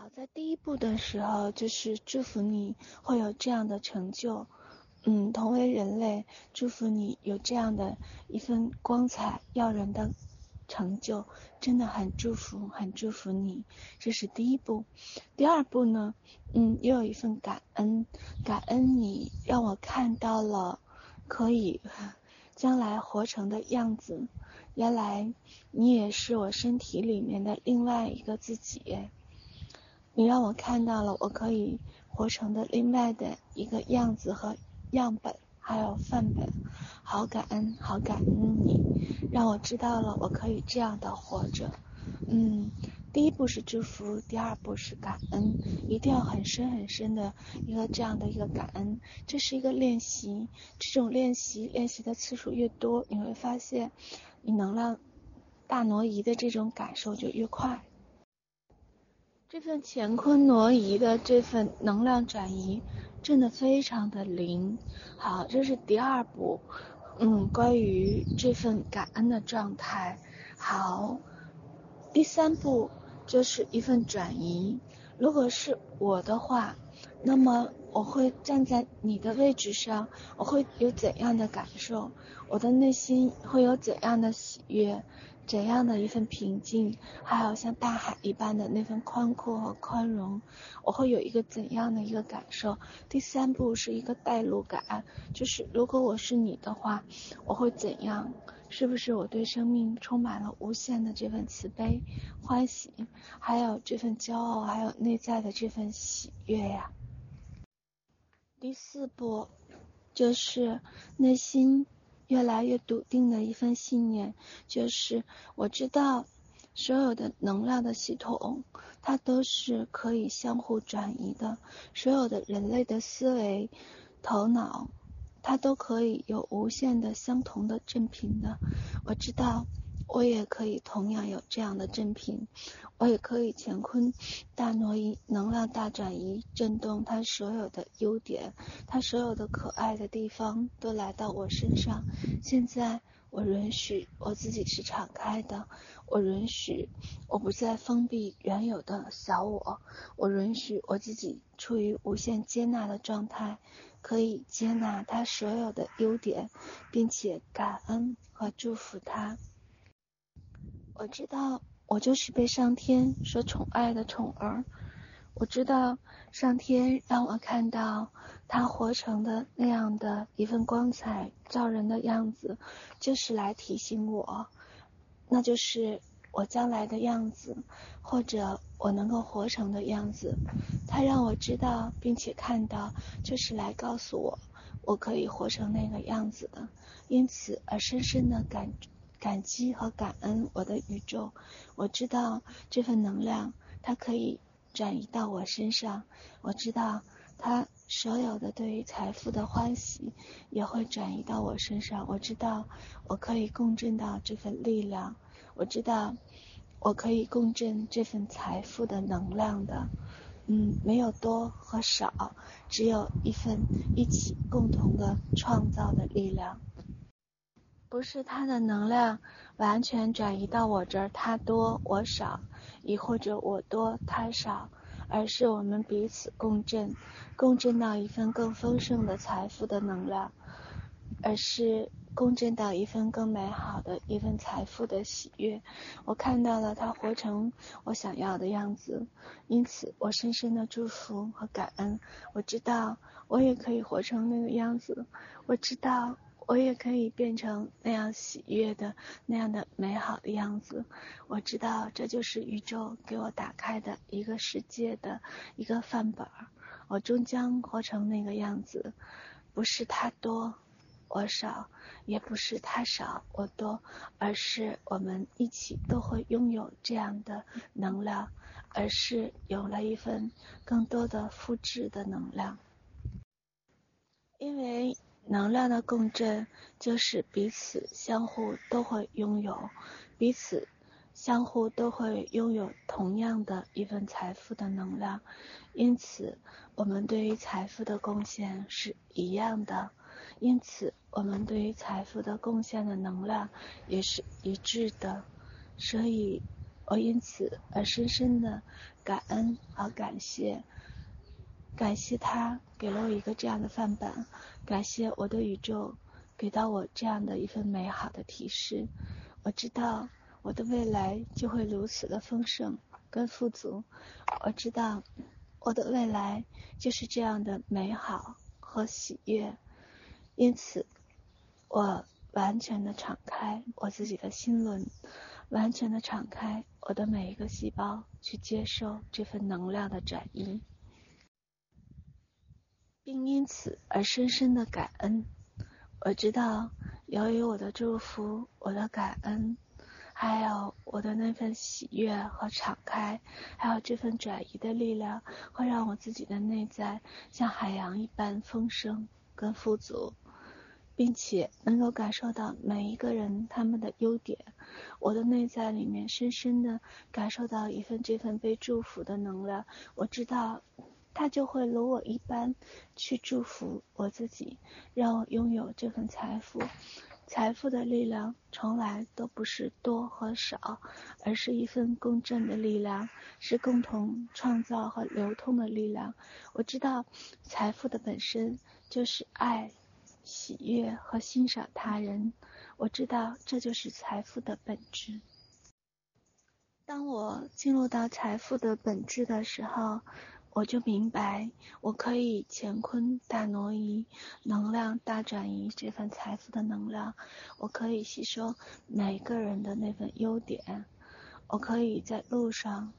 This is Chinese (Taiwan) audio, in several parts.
好，在第一步的時候，就是祝福你會有這樣的成就，嗯，同為人類，祝福你有這樣的一份光彩耀人的成就，真的很祝福，很祝福你。這是第一步，第二步呢，嗯，又有一份感恩，感恩你讓我看到了可以將來活成的樣子，原來你也是我身體裡面的另外一個自己。你讓我看到了我可以活成的另外的一個樣子和樣本，還有範本，好感恩，好感恩你，讓我知道了我可以這樣的活着。嗯，第一步是祝福，第二步是感恩，一定要很深很深的一個這樣的一個感恩。這是一個練習，這種練習練習的次數越多，你會發現你能量大挪移的這種感受就越快。這份乾坤挪移的這份能量轉移真的非常的靈。好，這是第二步，嗯，關於這份感恩的狀態。好，第三步就是一份轉移。如果是我的話，那麼。我會站在你的位置上，我會有怎樣的感受？我的內心會有怎樣的喜悅？怎樣的一份平靜？還有像大海一般的那份寬闊和寬容？我會有一個怎樣的一個感受？第三步是一個帶入感，就是如果我是你的話，我會怎樣？是不是我對生命充滿了無限的這份慈悲、歡喜，還有這份驕傲，還有內在的這份喜悅呀、啊？第四步，就是內心越來越篤定的一份信念，就是我知道，所有的能量的系統，它都是可以相互轉移的；所有的人類的思維、頭腦，它都可以有無限的相同的振頻的。我知道。我也可以同樣有這樣的振頻，我也可以乾坤大挪移，能量大轉移，震動他所有的優點，他所有的可愛的地方都來到我身上。現在我允許我自己是敞開的，我允許我不再封閉原有的小我，我允許我自己處於無限接納的狀態，可以接納他所有的優點，並且感恩和祝福他。我知道，我就是被上天所寵愛的寵兒。我知道，上天讓我看到他活成的那樣的一份光彩照人的樣子，就是來提醒我，那就是我將來的樣子，或者我能夠活成的樣子。他讓我知道，並且看到，就是來告訴我，我可以活成那個樣子的。因此而深深的感感激和感恩我的宇宙，我知道這份能量它可以轉移到我身上，我知道它所有的對於財富的歡喜也會轉移到我身上，我知道我可以共振到這份力量，我知道我可以共振這份財富的能量的，嗯，沒有多和少，只有一份一起共同的創造的力量。不是他的能量完全轉移到我這兒，他多我少，亦或者我多他少，而是我們彼此共振，共振到一份更豐盛的財富的能量，而是共振到一份更美好的一份財富的喜悅。我看到了他活成我想要的樣子，因此我深深的祝福和感恩。我知道我也可以活成那個樣子，我知道。我也可以變成那樣喜悅的那樣的美好的樣子。我知道這就是宇宙給我打開的一個世界的一個範本。我終將活成那個樣子，不是他多我少，也不是他少我多，而是我們一起都會擁有這樣的能量，而是有了一份更多的複製的能量，因為。能量的共振就是彼此相互都會擁有，彼此相互都會擁有同樣的一份財富的能量，因此我們對於財富的貢獻是一樣的，因此我們對於財富的貢獻的能量也是一致的，所以我因此而深深的感恩和感謝。感謝他給了我一個這樣的範本，感謝我的宇宙給到我這樣的一份美好的提示。我知道我的未來就會如此的豐盛跟富足，我知道我的未來就是這樣的美好和喜悅。因此，我完全的敞開我自己的心輪，完全的敞開我的每一個細胞，去接受這份能量的轉移。並因此而深深的感恩。我知道，由於我的祝福、我的感恩，還有我的那份喜悅和敞開，還有這份轉移的力量，會讓我自己的內在像海洋一般豐盛跟富足，並且能夠感受到每一個人他們的優點。我的內在裡面深深的感受到一份這份被祝福的能量。我知道。他就會如我一般，去祝福我自己，讓我擁有這份財富。財富的力量從來都不是多和少，而是一份共振的力量，是共同創造和流通的力量。我知道，財富的本身就是愛、喜悅和欣賞他人。我知道，這就是財富的本質。當我進入到財富的本質的時候。我就明白，我可以乾坤大挪移，能量大轉移，這份財富的能量，我可以吸收每個人的那份優點，我可以在路上，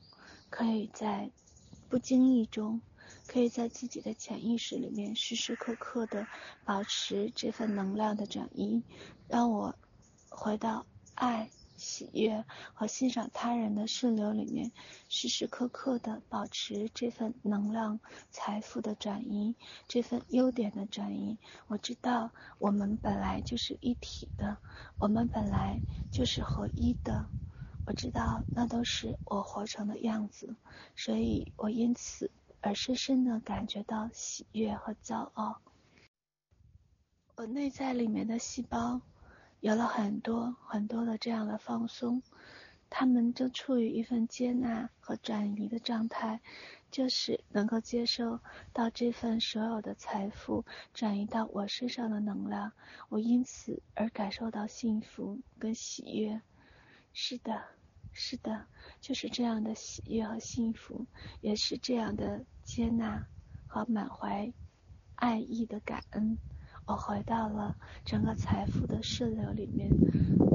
可以在不經意中，可以在自己的潛意識裡面時時刻刻的保持這份能量的轉移，讓我回到愛、喜悅和欣賞他人的順流裡面，時時刻刻的保持這份能量、財富的轉移，這份優點的轉移。我知道我們本來就是一體的，我們本來就是合一的。我知道那都是我活成的樣子，所以我因此而深深的感覺到喜悅和驕傲。我內在裡面的細胞。有了很多很多的這樣的放鬆，他們正處於一份接納和轉移的狀態，就是能夠接收到這份所有的財富轉移到我身上的能量，我因此而感受到幸福跟喜悅。是的，是的，就是這樣的喜悅和幸福，也是這樣的接納和滿懷愛意的感恩。我回到了整個財富的順流裡面，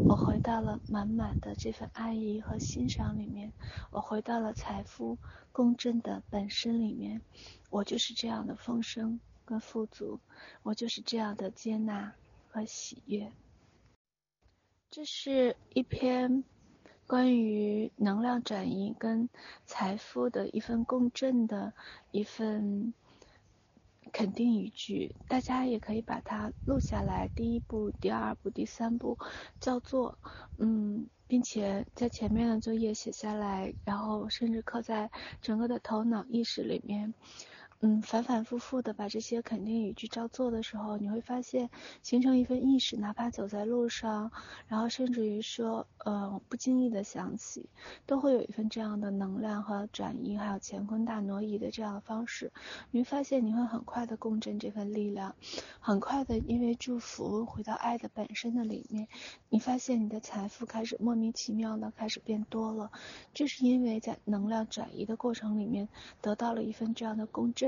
我回到了滿滿的這份愛意和欣賞裡面，我回到了財富共振的本身裡面，我就是這樣的豐盛跟富足，我就是這樣的接納和喜悅。這是一篇關於能量轉移跟財富的一份共振的一份。肯定語句，大家也可以把它錄下來，第一步、第二步、第三步，照做，嗯，並且在前面的作業寫下來，然後甚至刻在整個的頭腦意識裡面。嗯，反反复复的把這些肯定語句照做的時候，你會發現形成一份意識，哪怕走在路上，然後甚至於說，呃，不經意的想起，都會有一份這樣的能量和轉移，還有乾坤大挪移的這樣的方式，你會發現你會很快的共振這份力量，很快的因為祝福回到愛的本身的裡面，你發現你的財富開始莫名其妙的開始變多了，這，就是因為在能量轉移的過程裡面得到了一份這樣的共振。